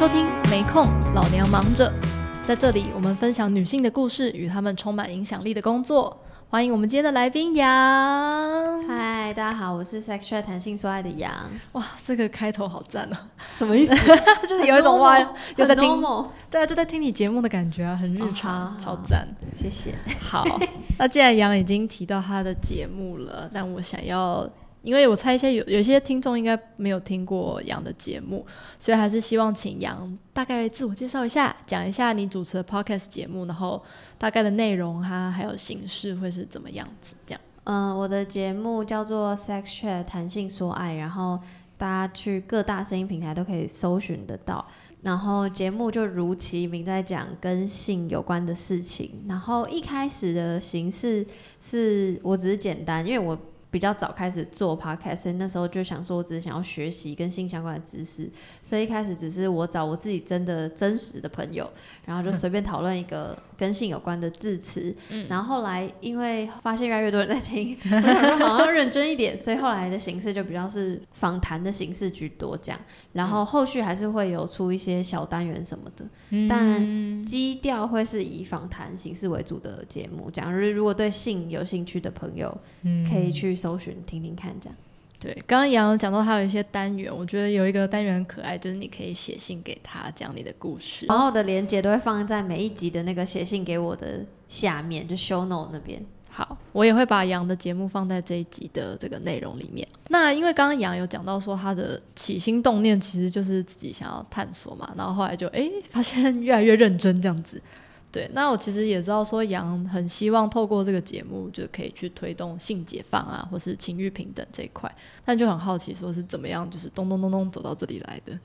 收聽沒空，老娘忙着。在這裡，我們分享女性的故事與她們充滿影響力的工作。歡迎我們今天的來賓楊。嗨，大家好，我是 Sex Chat 談性說愛的楊。哇，這個開頭好讚哦，啊！什麼意思？ 就是有一種哇，很 normal，有在聽夢，normal 對啊，就在聽你節目的感覺啊，很日常，oh，超讚，謝謝。好，那既然楊已經提到她的節目了，但我想要。因為我猜一些有有些聽眾應該沒有聽過楊的節目，所以還是希望請楊大概自我介紹一下，講一下你主持的 Podcast 節目，然後大概的內容哈，還有形式會是怎麼樣子？這樣。嗯、呃，我的節目叫做 Sex Chat，談性說愛，然後大家去各大聲音平台都可以搜尋得到。然後節目就如其名，在講跟性有關的事情。然後一開始的形式是我只是簡單，因為我。比較早開始做 podcast，所以那時候就想說，我只是想要學習跟性相關的知識，所以一開始只是我找我自己真的真實的朋友，然後就隨便討論一個。跟性有關的字詞，嗯、然後後來因為發現越來越多人在聽， 好好認真一點，所以後來的形式就比較是訪談的形式居多講，然後後續還是會有出一些小單元什麼的，嗯、但基調會是以訪談形式為主的節目講，如果對性有興趣的朋友，可以去搜尋聽聽看這樣。對，剛剛楊講到他有一些單元，我覺得有一個單元很可愛，就是你可以寫信給他講你的故事，然後我的鏈接都會放在每一集的那個寫信給我的下面，就 show note 那邊。好，我也會把楊的節目放在這一集的這個內容裡面。那因為剛剛楊有講到說他的起心動念其實就是自己想要探索嘛，然後後來就哎發現越來越認真這樣子。對，那我其實也知道說楊很希望透過這個節目就可以去推動性解放啊，或是情欲平等這一塊，但就很好奇說是怎麼樣，就是咚咚咚咚走到這裡來的。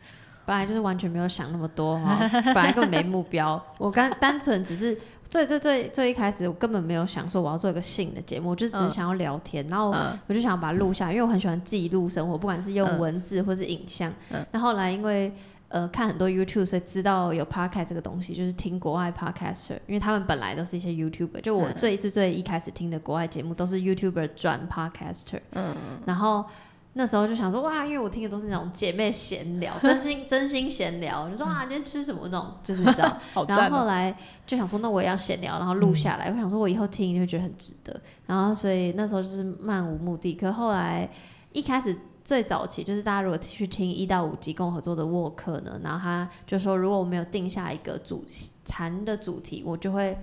本來就是完全沒有想那麼多哈， 本來根本沒目標，我剛單純只是最，最最最最一開始我根本沒有想說我要做一個性的節目，我就只是想要聊天，嗯、然後我就想把它錄下來，因為我很喜歡記錄生活，不管是用文字或是影像。嗯嗯、那後來因為呃，看很多 YouTube，所以知道有 Podcast 這個東西，就是聽國外 Podcaster，因為他們本來都是一些 YouTuber，就我最最最一開始聽的國外節目都是 YouTuber 轉 Podcaster，嗯，然後那時候就想說哇，因為我聽的都是那種姐妹閒聊，真心 真心閒聊，就說啊、嗯、你今天吃什麼那種，就是這樣， 啊、然後後來就想說那我也要閒聊，然後錄下來，嗯、我想說我以後聽一定會覺得很值得，然後所以那時候就是漫無目的，可後來一開始。最早期就是大家如果去聽一到五集跟我合作的沃克呢，然後他就說，如果我沒有定下一個主禪的主題，我就會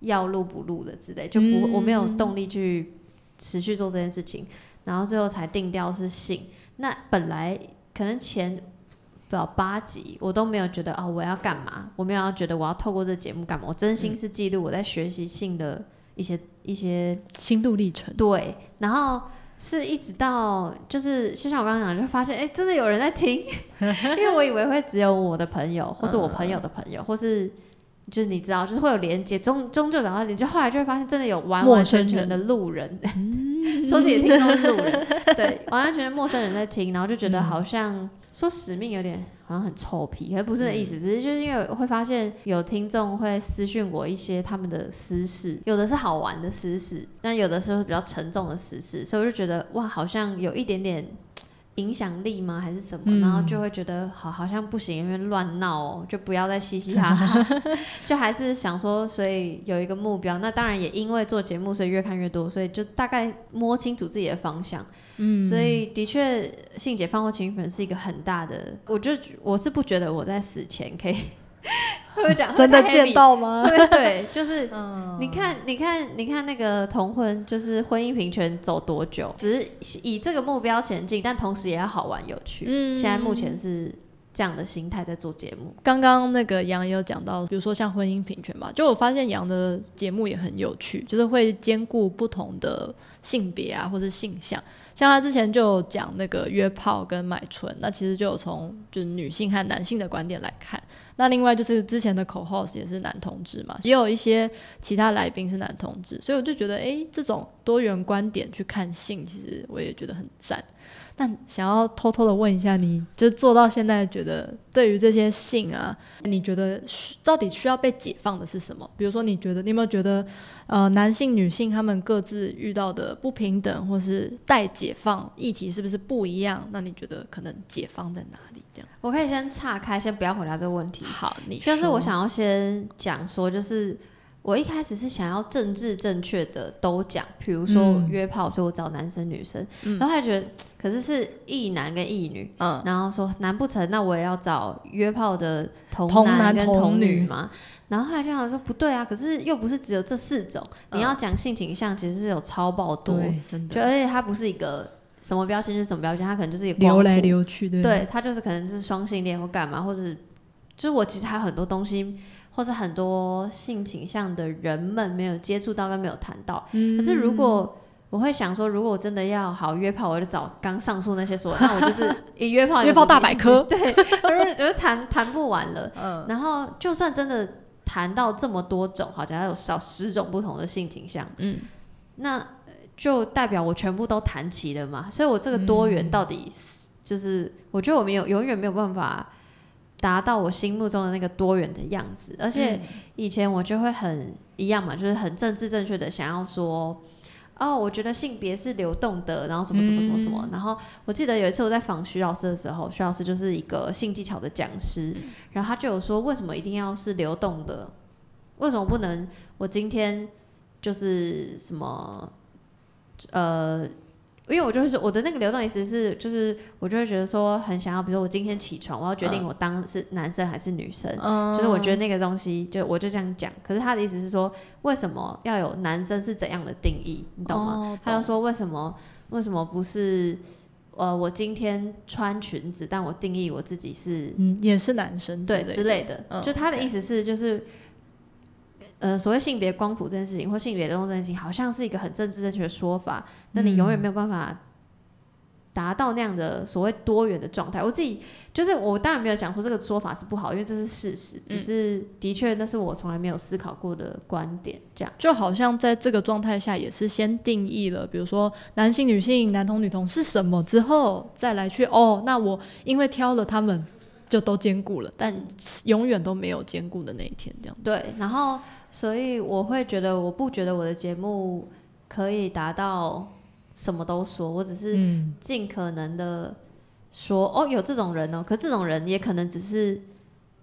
要錄不錄的之類，就不、嗯、我沒有動力去持續做這件事情，然後最後才定掉是性。那本來可能前不了八集，我都沒有覺得啊，我要幹嘛？我沒有要覺得我要透過這節目幹嘛？我真心是記錄我在學習性的一些、嗯、一些心路歷程。對，然後。是一直到就是，就像我剛剛講，就發現哎，真的有人在聽， 因為我以為會只有我的朋友，或是我朋友的朋友，嗯、或是就是你知道，就是會有連接，終終究找到你。就後來就會發現，真的有完完全全的路人，人 說自己也聽都是路人，嗯、對，完完全全陌生人在聽，然後就覺得好像、嗯、說使命有點。好像很臭屁，而不是這意思，嗯、只是就是因為我會發現有聽眾會私訊我一些他們的私事，有的是好玩的私事，但有的時候是比較沉重的私事，所以我就覺得哇，好像有一點點。影響力嗎？還是什麼？嗯、然後就會覺得好，好像不行，因為亂鬧，就不要再嘻嘻哈哈， 就還是想說，所以有一個目標。那當然也因為做節目，所以越看越多，所以就大概摸清楚自己的方向。嗯，所以的確，性解放或情緒粉是一個很大的。我就我是不覺得我在死前可以。 會講真的見到嗎？對，對對，就是 嗯你，你看你看你看那個同婚，就是婚姻平權走多久？只是以這個目標前進，但同時也要好玩有趣。嗯，現在目前是這樣的心態在做節目。剛剛、嗯、那個楊也有講到，比如說像婚姻平權嘛，就我發現楊的節目也很有趣，就是會兼顧不同的性別啊，或者性向。像他之前就講那個約炮跟買春，那其實就從就是女性和男性的觀點來看。那另外就是之前的 co-host 也是男同志嘛，也有一些其他來賓是男同志，所以我就覺得，哎，這種多元觀點去看性，其實我也覺得很讚。但想要偷偷的問一下，你就做到現在，覺得對於這些性啊，你覺得到底需要被解放的是什麼？比如說，你覺得你有沒有覺得，呃，男性、女性他們各自遇到的不平等或是待解放議題是不是不一樣？那你覺得可能解放在哪裡？這樣我可以先岔開，先不要回答這個問題。好，你就是我想要先講說，就是我一開始是想要政治正確的都講，比如說約炮，所以我找男生女生，嗯、然後他還覺得，可是是異男跟異女，嗯，然後說難不成那我也要找約炮的同男跟同女嗎？同男同女然後他就想說不對啊，可是又不是只有這四種，嗯、你要講性傾向其實是有超爆多，對，就而且他不是一個什麼標籤是什麼標籤，他可能就是一個流來流去對的，對對，他就是可能是雙性戀或幹嘛或者是。就是我其實還有很多東西，或是很多性傾向的人們沒有接觸到跟沒有談到。嗯、可是如果我會想說，如果我真的要好約炮，我就找剛上述那些說，嗯、那我就是一約炮約炮大百科。 對，我 就覺得談談不完了。嗯。然後就算真的談到這麼多種，好像還有少十種不同的性傾向。嗯。那就代表我全部都談齊了嘛？所以，我這個多元到底就是，嗯、就是我覺得我們有永遠沒有辦法。達到我心目中的那個多元的樣子，而且以前我就會很一樣嘛，嗯、就是很政治正確的想要說，哦，我覺得性別是流動的，然後什麼什麼什麼什麼。嗯、然後我記得有一次我在訪徐老師的時候，徐老師就是一個性技巧的講師，然後他就有說，為什麼一定要是流動的？為什麼不能我今天就是什麼，呃。因為我就是我的那個流動意思是，就是我就會覺得說很想要，比如說我今天起床，我要決定我當是男生還是女生，就是我覺得那個東西就我就這樣講。可是他的意思是說，為什麼要有男生是怎樣的定義？你懂嗎？他、哦、就說，為什麼，為什麼不是呃我今天穿裙子，但我定義我自己是嗯也是男生，對之類的，之類的哦、就他的意思是就是。呃，所謂性別光譜這件事情，或性別流動這件事情，好像是一個很政治正確的說法。那、嗯、你永遠沒有辦法達到那樣的所謂多元的狀態。我自己就是，我當然沒有講說這個說法是不好，因為這是事實，嗯、只是的確，那是我從來沒有思考過的觀點。這樣，就好像在這個狀態下，也是先定義了，比如說男性、女性、男同、女同是什麼之後，再來去哦，那我因為挑了他們。就都兼顧了，但永遠都沒有兼顧的那一天，這樣。對，然後所以我會覺得，我不覺得我的節目可以達到什麼都說，我只是盡可能的說，嗯、哦，有這種人哦，可是這種人也可能只是，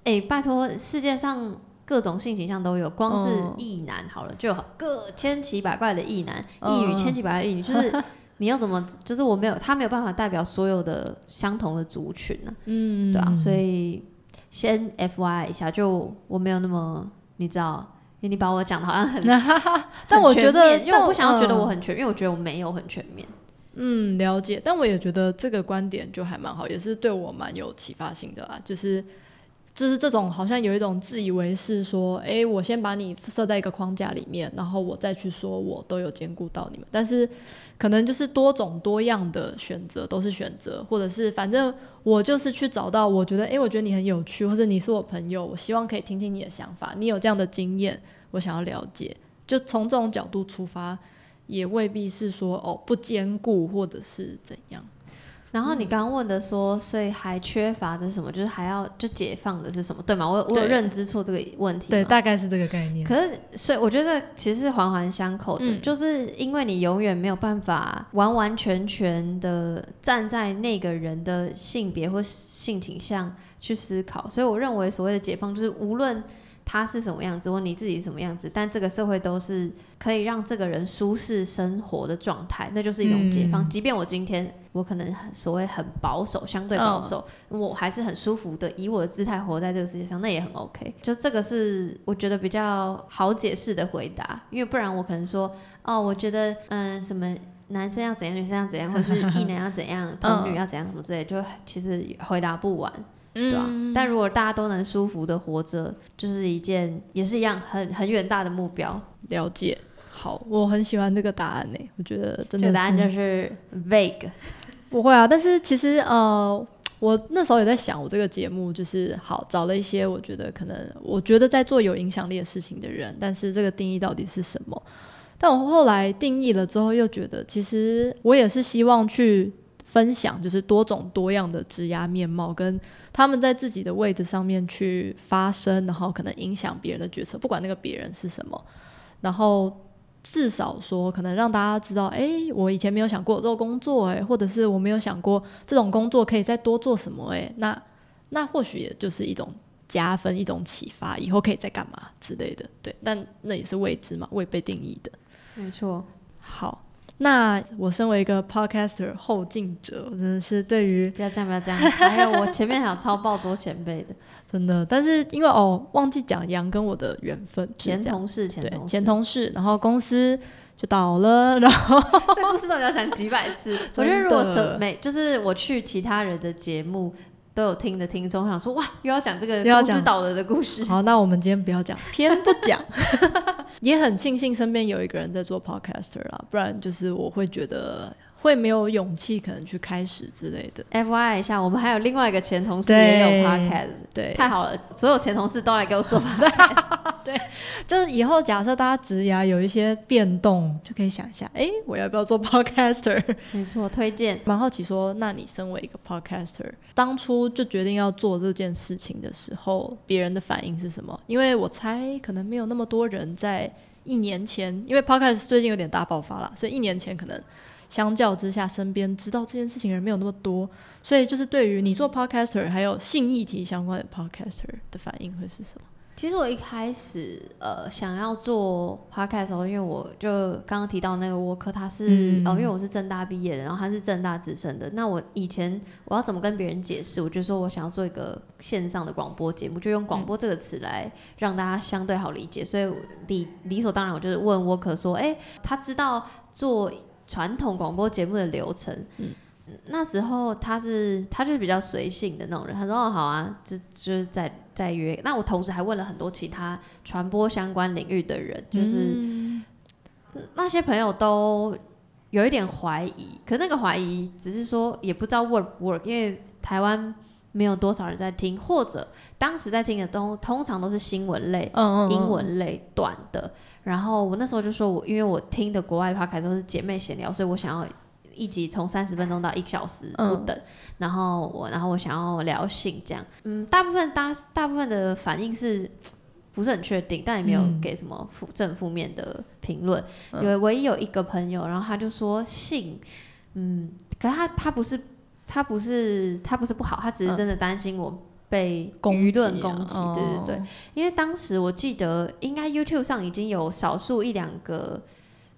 欸、拜託，世界上各種性形象都有，光是異男好了、嗯、就好，各千奇百怪的異男、異女、嗯，千奇百怪的異女，嗯、就是。 你要怎麼？就是我沒有，他沒有辦法代表所有的相同的族群呢、啊。嗯，對啊，所以先 FY 一下，就我沒有那麼，你知道，因為你把我講得好像很，但我覺得，因為我不想要覺得我很全面，呃、因為我覺得我沒有很全面。嗯，了解，但我也覺得這個觀點就還蠻好，也是對我蠻有啟發性的啦、啊，就是。就是這種好像有一種自以為是，說，哎、欸，我先把你設在一個框架裡面，然後我再去說，我都有兼顧到你們。但是，可能就是多種多樣的選擇都是選擇，或者是反正我就是去找到，我覺得，哎、欸，我覺得你很有趣，或者你是我朋友，我希望可以聽聽你的想法，你有這樣的經驗，我想要了解。就從這種角度出發，也未必是說，哦，不兼顧或者是怎樣。然後你剛剛問的說，所以還缺乏的是什麼？就是還要就解放的是什麼，對嗎？我對我有認知錯這個問題嗎？對，大概是這個概念。可是，所以我覺得其實是環環相扣的，嗯、就是因為你永遠沒有辦法完完全全的站在那個人的性別或性傾向去思考。所以我認為所謂的解放，就是無論他是什麼樣子，或你自己是什麼樣子，但這個社會都是可以讓這個人舒適生活的狀態，那就是一種解放。嗯、即便我今天。我可能很所謂很保守，相對保守，嗯、我還是很舒服的，以我的姿態活在這個世界上，那也很 OK。就這個是我覺得比較好解釋的回答，因為不然我可能說，哦，我覺得嗯，什麼男生要怎樣，女生要怎樣，或是異男要怎樣，同女要怎樣，什麼之類，嗯、就其實回答不完，嗯、對吧、啊？但如果大家都能舒服的活着，就是一件也是一樣很很遠大的目標。了解，好，我很喜歡這個答案呢、欸，我覺得真的這個答案就是 vague。不會啊，但是其實呃，我那時候也在想，我這個節目就是好找了一些我覺得可能我覺得在做有影響力的事情的人，但是這個定義到底是什麼？但我後來定義了之後，又覺得其實我也是希望去分享，就是多種多樣的職涯面貌，跟他們在自己的位置上面去發聲，然後可能影響別人的決策，不管那個別人是什麼，然後。至少說，可能讓大家知道，哎、欸，我以前沒有想過做工作、欸，哎，或者是我沒有想過這種工作可以再多做什麼、欸，哎，那那或許也就是一種加分，一種啟發，以後可以再幹嘛之類的，對，但那也是未知嘛，未被定義的，沒錯，好。那我身為一個 podcaster 後進者，真的是對於不要這樣不要這樣， 還有我前面還有超爆多前輩的， 真的，但是因為哦忘記講楊跟我的緣分，前同事前同事，然後公司就倒了，然後這故事到底要講幾百次， 的我覺得如果每就是我去其他人的節目，都有聽的聽眾，我想說，哇，又要講這個要司道德的的故事。好，那我們今天不要講，偏不講， 也很慶幸身邊有一個人在做 Podcaster 啦，不然就是我會覺得。會沒有勇氣，可能去開始之類的。FYI 一下，我們還有另外一個前同事也有 podcast，對，對太好了，所有前同事都來給我做 podcast， 對，就是以後假設大家職涯有一些變動， 就可以想一下，哎，我要不要做 podcaster？沒錯，推薦。蠻好奇說，說那你身為一個 podcaster，當初就決定要做這件事情的時候，別人的反應是什麼？因為我猜可能沒有那麼多人在一年前，因為 podcast 最近有點大爆發了，所以一年前可能。相較之下，身邊知道這件事情的人沒有那麼多，所以就是對於你做 podcaster，還有性議題相關的 podcaster 的反應會是什麼？其實我一開始呃想要做 podcast e、喔、r 因為我就剛剛提到那個沃克，他是呃、嗯喔、因為我是政大畢業的，然後他是政大之聲的，那我以前我要怎麼跟別人解釋？我就說我想要做一個線上的廣播節目，就用廣播這個詞來讓大家相對好理解，嗯、所以理理所當然，我就是問沃克、er、說：“哎、欸，他知道做。”傳統廣播節目的流程，嗯、那時候他是他就是比較隨性的那種人，他說：“哦，好啊，就就是在在約。”那我同時還問了很多其他傳播相關領域的人，就是、嗯、那些朋友都有一點懷疑，可那個懷疑只是說也不知道 work 不 work，因為台灣。沒有多少人在聽，或者當時在聽的都通常都是新聞類、嗯嗯嗯英文類、短的。然後我那時候就說我，我因為我聽的國外的 podcast 都是姐妹閒聊，所以我想要一集從三十分鐘到一小時不等。嗯、然後我，然後我想要聊性這樣。嗯，大部分大大部分的反應是不是很確定，但也沒有給什麼負、嗯、正負面的評論。因為、嗯、唯一有一個朋友，然後他就說性，嗯，可是他他不是。他不是，他不是不好，他只是真的擔心我被輿論攻擊。嗯，攻擊啊哦、對對對，因為當時我記得，應該 YouTube 上已經有少數一兩個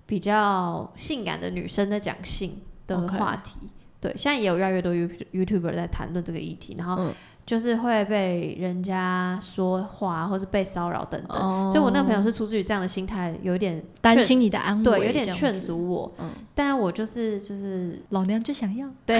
比較性感的女生在講性的話題。Okay 對，現在也有越來越多 YouTuber 在談論這個議題，然後，嗯就是會被人家說話，或是被騷擾等等，所以，我那個朋友是出自於這樣的心態，有點擔心你的安危，對，有點勸阻我。嗯，但我就是就是老娘就想要，對，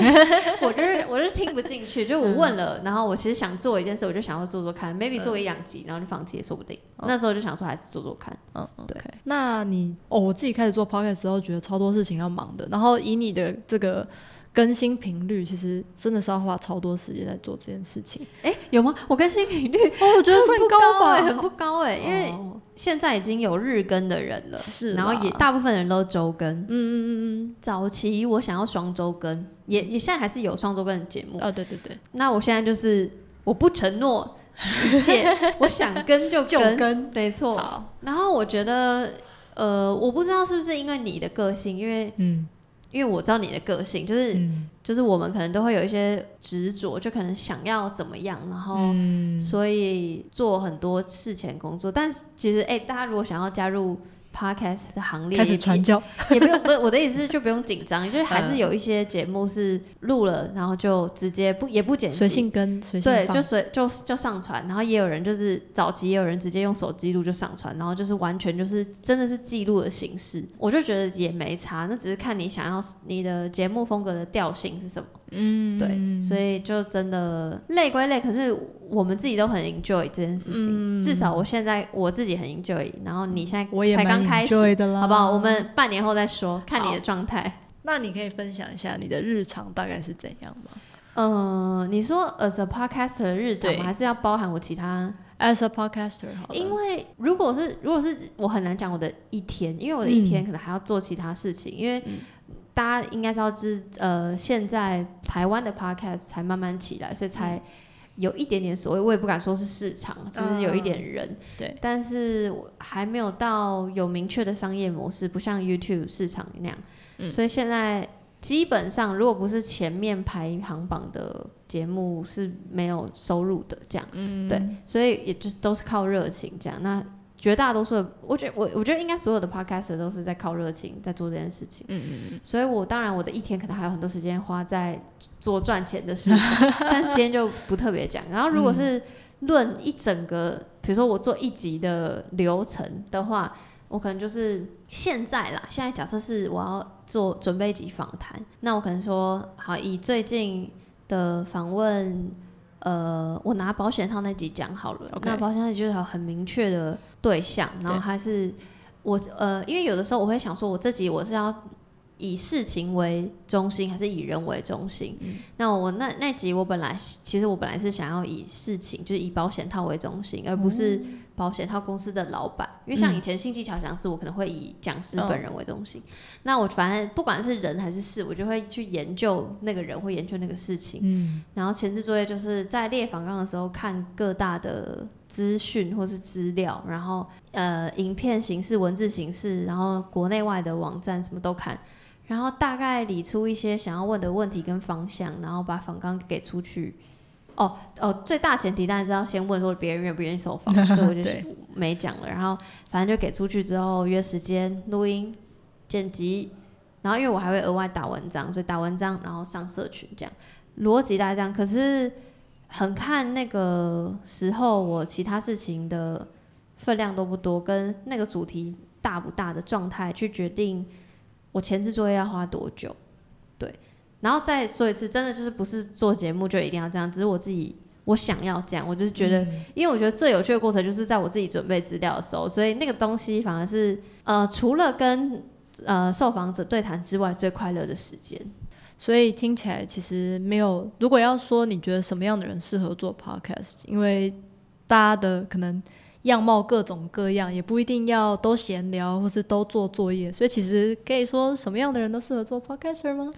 我就是我就是聽不進去，就我問了，然後我其實想做一件事，我就想要做做看，maybe 做一兩集，然後就放棄也說不定。那時候就想說還是做做看，嗯，對。那你哦，我自己開始做 Podcast 時候，覺得超多事情要忙的，然後以你的這個。更新頻率其實真的是要花超多時間在做這件事情。哎、欸，有嗎？我更新頻率、哦，我覺得算不高吧，很不高哎、欸。很不高欸哦、因為現在已經有日更的人了，是吧，然後也大部分人都周更。嗯嗯嗯嗯，早期我想要雙周更，也也現在還是有雙周更的節目。哦，對對對，那我現在就是我不承諾一切，我想更就就更，沒錯。然後我覺得，呃，我不知道是不是因為你的個性，因為嗯。因為我知道你的個性，就是、嗯、就是我們可能都會有一些執着，就可能想要怎麼樣，然後、嗯、所以做很多事前工作。但是其實，哎、欸，大家如果想要加入。Podcast 的行列，開始傳教也不用不， 我的意思是就不用緊張，就是還是有一些節目是錄了，然後就直接不也不剪輯，隨性跟隨性，對，就隨就就上傳，然後也有人就是早期也有人直接用手機錄就上傳，然後就是完全就是真的是記錄的形式，我就覺得也沒差，那只是看你想要你的節目風格的調性是什麼。嗯，對，所以就真的累歸累，可是我們自己都很 enjoy 這件事情。嗯、至少我現在我自己很 enjoy，然後你現在我也才剛開始，的啦，好不好？我們半年後再說，好看你的狀態。那你可以分享一下你的日常大概是怎樣嗎？嗯、呃，你說 as a podcaster 的日常對還是要包含我其他 as a podcaster 好？因為如果是，如果是我很難講我的一天，因為我的一天可能還要做其他事情，嗯、因為大家應該知道，就是呃，現在。台灣的 Podcast 才慢慢起來，所以才有一點點所謂，我也不敢說是市場，只、就是有一點人。呃、對，但是我還沒有到有明確的商業模式，不像 YouTube 市場那樣。嗯、所以現在基本上，如果不是前面排行榜的節目，是沒有收入的這樣。嗯、對，所以也就是都是靠熱情這樣。那絕大多數，我覺得我我覺得應該所有的 podcast 都是在靠熱情在做這件事情。嗯嗯嗯。所以，我當然我的一天可能還有很多時間花在做賺錢的事 但今天就不特別講。然後，如果是論一整個，嗯、比如說我做一集的流程的話，我可能就是現在啦。現在假設是我要做準備一集訪談，那我可能說好，以最近的訪問。呃，我拿保險套那集講好了，Okay. 那保險套就是有很明確的對象。然後還是對我呃，因為有的時候我會想說，我這集我是要以事情為中心，還是以人為中心？嗯、那我那那集我本來其實我本來是想要以事情，就是以保險套為中心，而不是、嗯。保險套公司的老闆，因為像以前新技巧講師，嗯、我可能會以講師本人為中心。哦、那我反正不管是人還是事，我就會去研究那個人或研究那個事情。嗯。然後前置作業就是在列訪綱的時候，看各大的資訊或是資料，然後呃，影片形式、文字形式，然後國內外的網站什麼都看，然後大概理出一些想要問的問題跟方向，然後把訪綱給出去。哦哦，最大前提大家是要先問說別人願不願意受訪，這我 就是沒講了。 對然後反正就給出去之後約時間錄音剪輯，然後因為我還會額外打文章，所以打文章然後上社群這樣，邏輯大概這樣。可是很看那個時候我其他事情的分量都不多，跟那個主題大不大的狀態去決定我前置作業要花多久，對。然後再說一次，真的就是不是做節目就一定要這樣，只是我自己我想要這樣。我就是覺得，嗯、因為我覺得最有趣的過程就是在我自己準備資料的時候，所以那個東西反而是呃除了跟呃受訪者對談之外最快樂的時間。所以聽起來其實沒有，如果要說你覺得什麼樣的人適合做 Podcast，因為大家的可能樣貌各種各樣，也不一定要都閒聊或是都做作業，所以其實可以說什麼樣的人都適合做 Podcaster 嗎？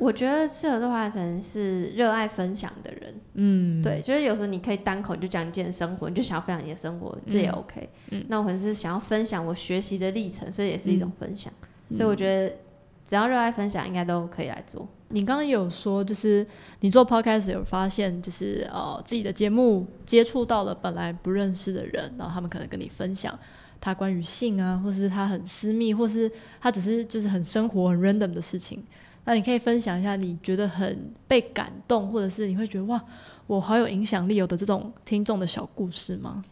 我覺得適合做華晨是熱愛分享的人，嗯，對，就是有時候你可以單口，你就講你件的生活，你就想要分享你的生活，這、嗯、也 OK、嗯。那我可能是想要分享我學習的歷程，所以也是一種分享。嗯、所以我覺得只要熱愛分享，應該都可以來做。嗯、你剛剛有說，就是你做 Podcast 有發現，就是呃、哦、自己的節目接觸到了本來不認識的人，然後他們可能跟你分享他關於性啊，或是他很私密，或是他只是就是很生活很 random 的事情。那你可以分享一下你覺得很被感動，或者是你會覺得哇，我好有影響力有、哦、的這種聽眾的小故事嗎？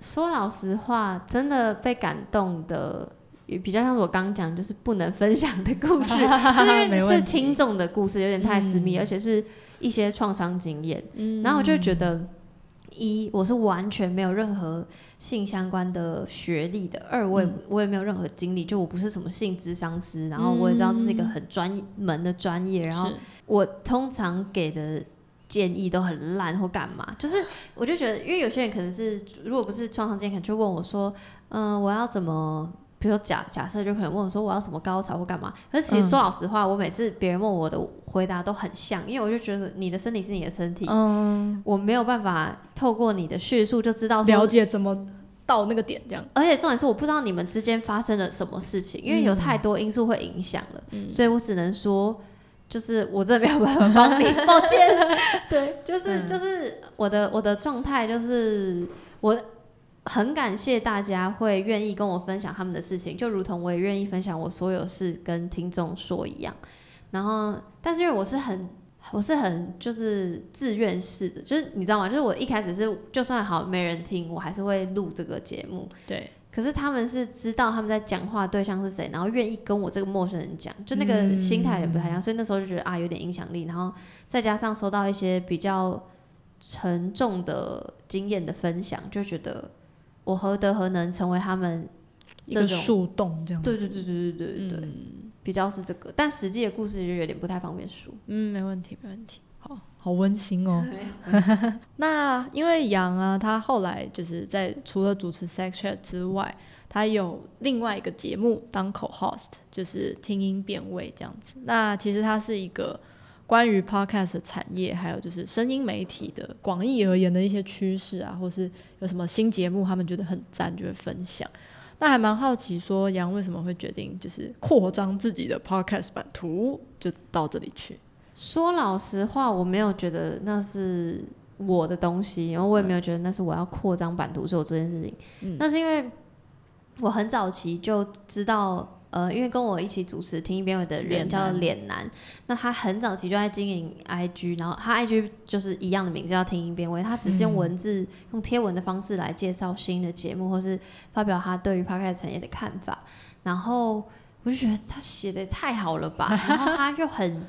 說老實話，真的被感動的，也比較像是我剛剛講，就是不能分享的故事，因為 是，是聽眾的故事，有點太私密， 題而且是一些創傷經驗。嗯，然後我就覺得。一，我是完全沒有任何性相關的學歷的。二，我也、嗯、我也沒有任何經歷，就我不是什麼性諮商師，然後我也知道這是一個很專門的專業，嗯、然後我通常給的建議都很爛或幹嘛，是就是我就覺得，因為有些人可能是，如果不是創傷健康，可能就問我說，嗯、呃，我要怎麼？比如說假假設，就可能問我說我要什麼高潮或幹嘛，可是其實說老實話，嗯、我每次別人問我的回答都很像，因為我就覺得你的身體是你的身體，嗯、我沒有辦法透過你的敘述就知道了解怎麼到那個點這樣。而且重點是我不知道你們之間發生了什麼事情，嗯、因為有太多因素會影響了，嗯、所以我只能說就是我真的沒有辦法幫你， 抱歉。對，就是就是我的、嗯、我的狀態就是我。很感謝大家會願意跟我分享他們的事情，就如同我也願意分享我所有事跟聽眾說一樣。然後，但是因為我是很，我是很就是自願式的，就是你知道嗎？就是我一開始是就算好沒人聽，我還是會錄這個節目。對。可是他們是知道他們在講話對象是誰，然後願意跟我這個陌生人講，就那個心態也不太一樣，嗯、所以那時候就覺得啊有點影響力。然後再加上收到一些比較沉重的經驗的分享，就覺得。我何德何能成為他們這一個樹洞這樣子，對對對對對對對嗯、比較是這個，但實際的故事就有點不太方便說。嗯，沒問題，沒問題，好好溫馨哦。那因為楊啊，他後來就是在除了主持《Sex Chat》之外，他有另外一個節目當 co-host，就是聽音辨位這樣子。那其實他是一個。關於 podcast 的產業，還有就是聲音媒體的廣義而言的一些趨勢啊，或是有什麼新節目，他們覺得很讚就會分享。那還蠻好奇，說楊為什麼會決定就是擴張自己的 podcast 版圖？就到這裡去。說老實話，我沒有覺得那是我的東西，然後我也沒有覺得那是我要擴張版圖，所以、嗯、我做這件事情。嗯、那是因為我很早期就知道。呃，因為跟我一起主持《聽音辨位的人叫臉男，男，那他很早期就在經營 IG，然後他 IG 就是一樣的名字叫《聽音辨位。他只是用文字、嗯、用貼文的方式來介紹新的節目，或是發表他對於 Podcast 產業的看法。然後我就覺得他寫的也太好了吧， 然後他就很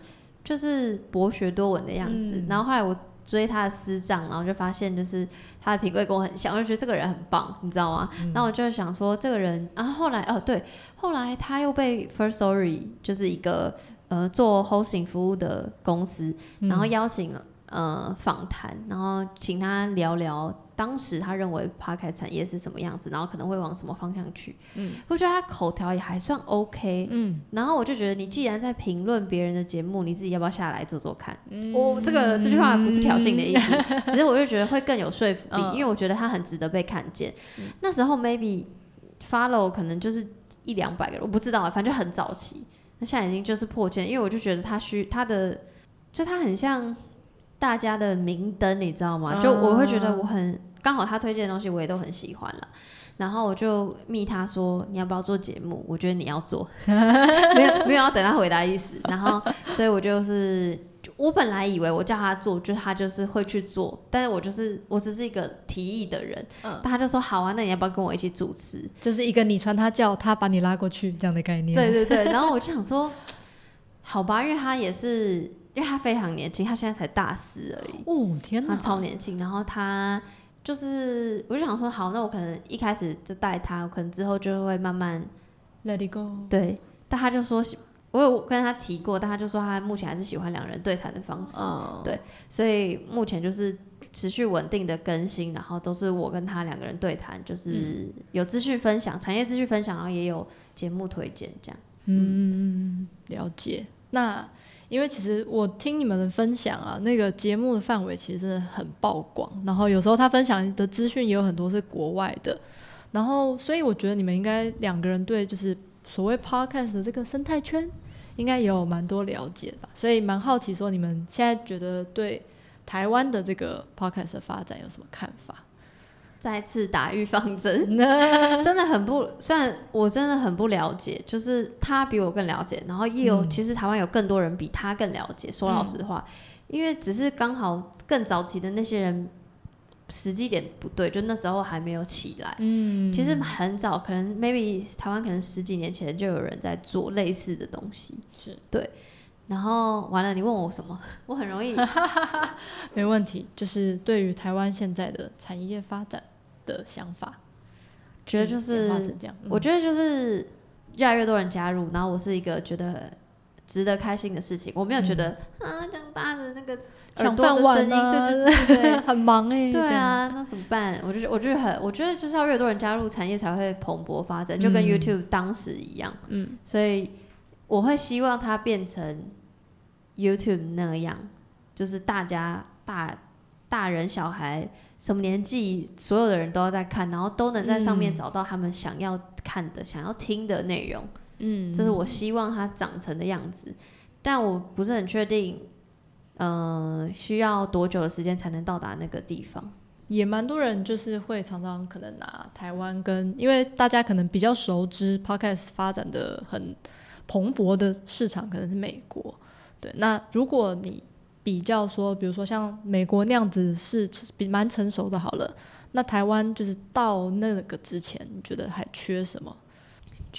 就是博學多聞的樣子。嗯、然後後來我追他的私帳，然後就發現就是他的品味跟我很像，我就覺得這個人很棒，你知道嗎？嗯、然後我就想說這個人然後後來哦對。後來他又被 Firstory，就是一個呃做 hosting 服務的公司，嗯、然後邀請呃訪談，然後請他聊聊當時他認為 Podcast 產業是什麼樣子，然後可能會往什麼方向去。嗯，我覺得他口條也還算 OK。嗯，然後我就覺得你既然在評論別人的節目，你自己要不要下來做做看？我、嗯 oh, 這個這句話不是挑釁的意思，嗯、 只是我就覺得會更有說服力，呃、因為我覺得他很值得被看見。嗯、那時候 maybe follow 可能就是。一兩百個人，我不知道，反正就很早期。那現在已經就是破千，因為我就覺得他需他的，就他很像大家的明燈，你知道嗎？就我會覺得我很、嗯、剛好，他推薦的東西我也都很喜歡了。然後我就密他說你要不要做節目？我覺得你要做， 沒有沒有要等他回答意思。然後所以我就是。我本來以為我叫他做，就是他就是會去做，但是我就是我只是一個提議的人，嗯，他就說好啊，那你要不要跟我一起主持？就是一個你傳他叫他把你拉過去這樣的概念，對對對。然後我就想說， 好吧，因為他也是，因為他非常年輕，他現在才大四而已哦，天哪，他超年輕。然後他就是，我就想說，好，那我可能一開始就帶他，我可能之後就會慢慢 let it go，對。但他就說。我有跟他提過，但他就說他目前還是喜歡兩人對談的方式，哦、對，所以目前就是持續穩定的更新，然後都是我跟他兩個人對談，就是有資訊分享、嗯、產業資訊分享，然後也有節目推薦這樣。嗯，了解。那因為其實我聽你們的分享啊，那個節目的範圍其實很曝光，然後有時候他分享的資訊也有很多是國外的，然後所以我覺得你們應該兩個人對就是所謂 podcast 的這個生態圈。應該也有蠻多了解吧，所以蠻好奇說你們現在覺得對台灣的這個 podcast 的發展有什麼看法？再次打預防針呢， 真的很不，雖然我真的很不了解，就是他比我更了解，然後也有、嗯、其實台灣有更多人比他更了解。說老實話，嗯、因為只是剛好更早期的那些人。時機點不對，就那時候還沒有起來。嗯，其實很早，可能 maybe 台灣可能十幾年前就有人在做類似的東西。是對，然後完了，你問我什麼？ 我很容易、 嗯。沒問題，就是對於台灣現在的產業發展的想法，嗯、覺得就是，嗯、我覺得就是越來越多人加入，然後我是一個覺得。值得開心的事情，我沒有覺得、嗯、啊，這樣大的那個搶飯碗聲音，啊、對對對， 很忙哎、欸，對啊，樣那怎麼辦？我就是，我覺得很，我覺得就是要越多人加入產業才會蓬勃發展，嗯、就跟 YouTube 當時一樣，嗯，所以我會希望它變成 YouTube 那樣，就是大家大大人小孩什麼年紀，所有的人都要在看，然後都能在上面找到他們想要看的、嗯、想要聽的內容。嗯，這是我希望它長成的樣子，嗯、但我不是很確定，呃，需要多久的時間才能到達那個地方？也蠻多人就是會常常可能拿台灣跟，因為大家可能比較熟知 Podcast 發展的很蓬勃的市場，可能是美國。對，那如果你比較說，比如說像美國那樣子是比蠻成熟的，好了，那台灣就是到那個之前，你覺得還缺什麼？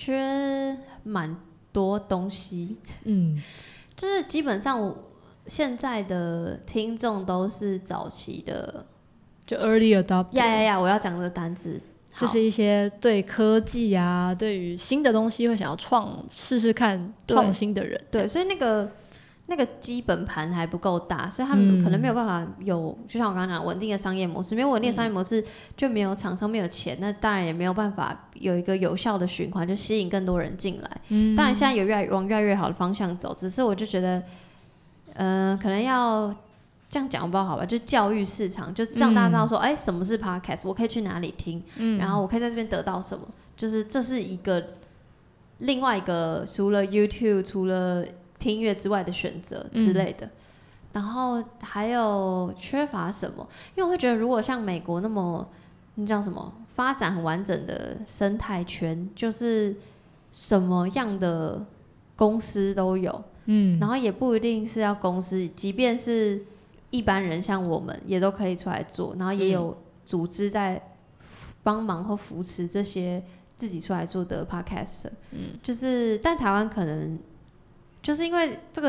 缺蠻多東西，嗯，就是基本上我現在的聽眾都是早期的，就 early adopter。呀呀呀！我要講這個單字，就是一些對科技啊，好對於新的東西會想要創對試試看創新的人。對，所以那個。那個基本盤還不夠大，所以他們可能沒有辦法有，嗯、就像我剛剛講，穩定的商業模式，沒有穩定的商業模式、嗯、就沒有廠商沒有錢，那當然也沒有辦法有一個有效的循環，就吸引更多人進來。嗯、當然現在有越來越往越來越好的方向走，只是我就覺得，嗯、呃，可能要這樣講，不好吧？就教育市場，就是讓大家知道說，嗯、哎，什麼是 podcast，我可以去哪裡聽，嗯、然後我可以在這邊得到什麼，就是這是一個另外一個除了 YouTube 除了聽音樂之外的選擇之類的，嗯、然後還有缺乏什麼？因為我會覺得，如果像美國那麼，你講什麼？發展很完整的生態圈，就是什麼樣的公司都有，嗯，然後也不一定是要公司，即便是一般人像我們也都可以出來做，然後也有組織在幫忙和扶持這些自己出來做的 podcast，嗯，就是但台灣可能。就是因為這個，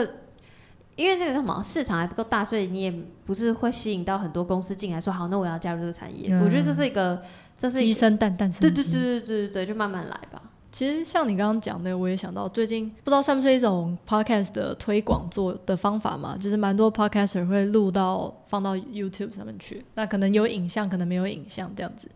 因為這個什麼市場還不夠大，所以你也不是會吸引到很多公司進來說，說好，那我要加入這個產業。嗯、我覺得這是一個，這是雞生蛋，蛋生雞，對對對對對對，就慢慢來吧。其實像你剛剛講的，我也想到最近不知道算不算一種 podcast 的推廣做的方法嘛，就是蠻多 podcaster 會錄到放到 YouTube 上面去，那可能有影像，可能沒有影像這樣子。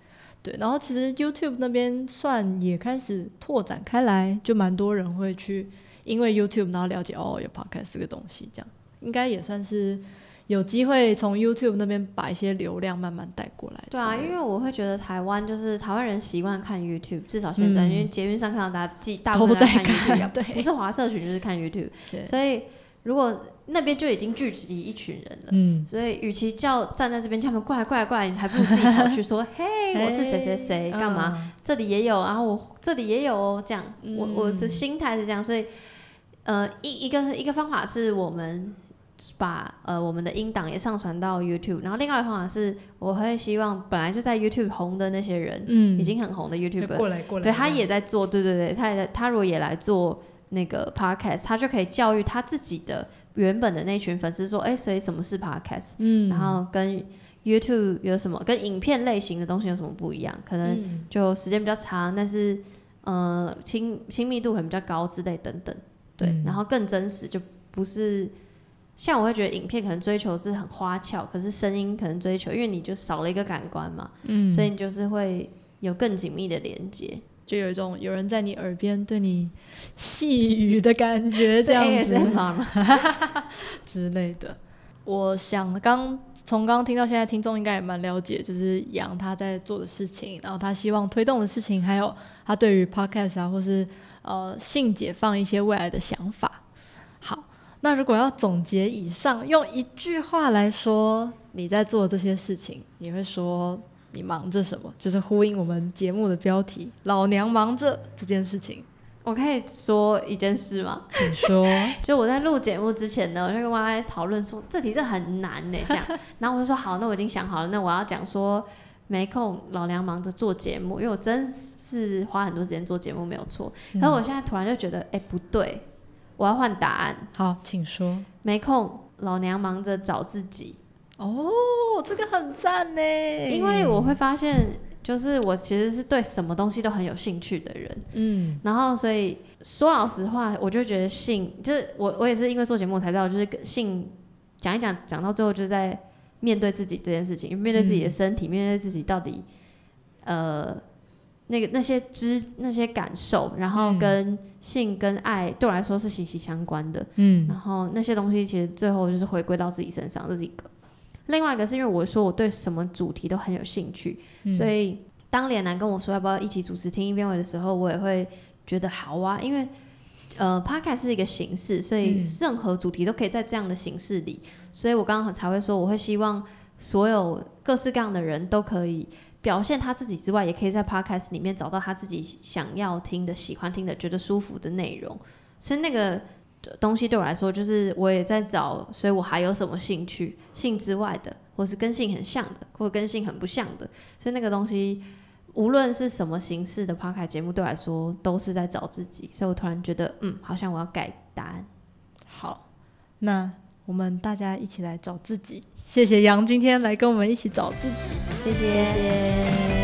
對，然後其實 YouTube 那邊算也開始拓展開來，就蠻多人會去。因為 YouTube，然後了解哦，有 Podcast 這個東西，這樣應該也算是有機會從 YouTube 那邊把一些流量慢慢帶過來。對啊，因為我會覺得台灣就是台灣人習慣看 YouTube，至少現在因為捷運上看到大家幾大部分在看 YouTube，、啊、不是華社群就是看 YouTube，對所以如果那邊就已經聚集一群人了，嗯，所以與其叫站在這邊叫他們過來過來過來，你還不如自己跑去說， 嘿，我是誰誰誰，嗯、干嘛？這裡也有，然、啊、後我這裡也有哦，這樣，我我的心態是這樣，所以。呃，一一個一個方法是我們把呃我們的音檔也上傳到 YouTube，然後另外一個方法是，我會希望本來就在 YouTube 紅的那些人，嗯，已經很紅的 YouTuber，過來過來、啊、對他也在做，對對對，他也在他如果也來做那個 Podcast，他就可以教育他自己的原本的那群粉絲說，哎、欸，所以什麼是 Podcast？嗯，然後跟 YouTube 有什麼跟影片類型的東西有什麼不一樣？可能就時間比較長，嗯、但是呃，親親密度很比較高之類等等。對，嗯、然後更真實，就不是像我會覺得影片可能追求是很花俏，可是聲音可能追求，因為你就少了一個感官嘛，嗯，所以你就是會有更緊密的連接，就有一種有人在你耳邊對你細語的感覺，是這樣子是 之類的。我想剛從剛剛聽到現在，聽眾應該也蠻了解，就是楊他在做的事情，然後他希望推動的事情，還有他對於 Podcast 啊或是。呃，性解放一些未來的想法。好，那如果要總結以上，用一句話來說，你在做這些事情，你會說你忙着什麼？就是呼應我們節目的標題“老娘忙着這件事情”。我可以說一件事嗎？請說。 就我在錄節目之前呢，我就跟 y 討論說這題是很難呢、欸，這樣。 然後我就說好，那我已經想好了，那我要講說。沒空，老娘忙着做節目，因為我真是花很多時間做節目，沒有錯。然後、嗯、我現在突然就覺得，哎、欸，不對，我要換答案。好，請說。沒空，老娘忙着找自己。哦，這個很讚呢。因為我會發現，就是我其實是對什麼東西都很有興趣的人。嗯。然後，所以說老實話，我就覺得性，就是我我也是因為做節目才知道，就是性講一講，講到最後就在。面對自己這件事情，面對自己的身體，嗯、面對自己到底，呃，那個那些知那些感受，然後跟性跟愛、嗯、對我來說是息息相關的。嗯，然後那些東西其實最後就是回歸到自己身上，這是一個。另外一個是因為我說我對什麼主題都很有興趣，嗯、所以當臉男跟我說要不要一起主持《聽音辨位》的時候，我也會覺得好啊，因為。呃，Podcast 是一個形式，所以任何主題都可以在這樣的形式裡。嗯、所以我剛剛才會說，我會希望所有各式各樣的人都可以表現他自己之外，也可以在 Podcast 裡面找到他自己想要聽的、喜歡聽的、覺得舒服的內容。所以那個東西對我來說，就是我也在找，所以我還有什麼興趣，性之外的，或是跟性很像的，或跟性很不像的。所以那個東西。無論是什麼形式的 Podcast 節目，對我來說都是在找自己，所以我突然覺得，嗯，好像我要改答案。好，那我們大家一起來找自己。謝謝楊今天來跟我們一起找自己，謝謝。謝謝。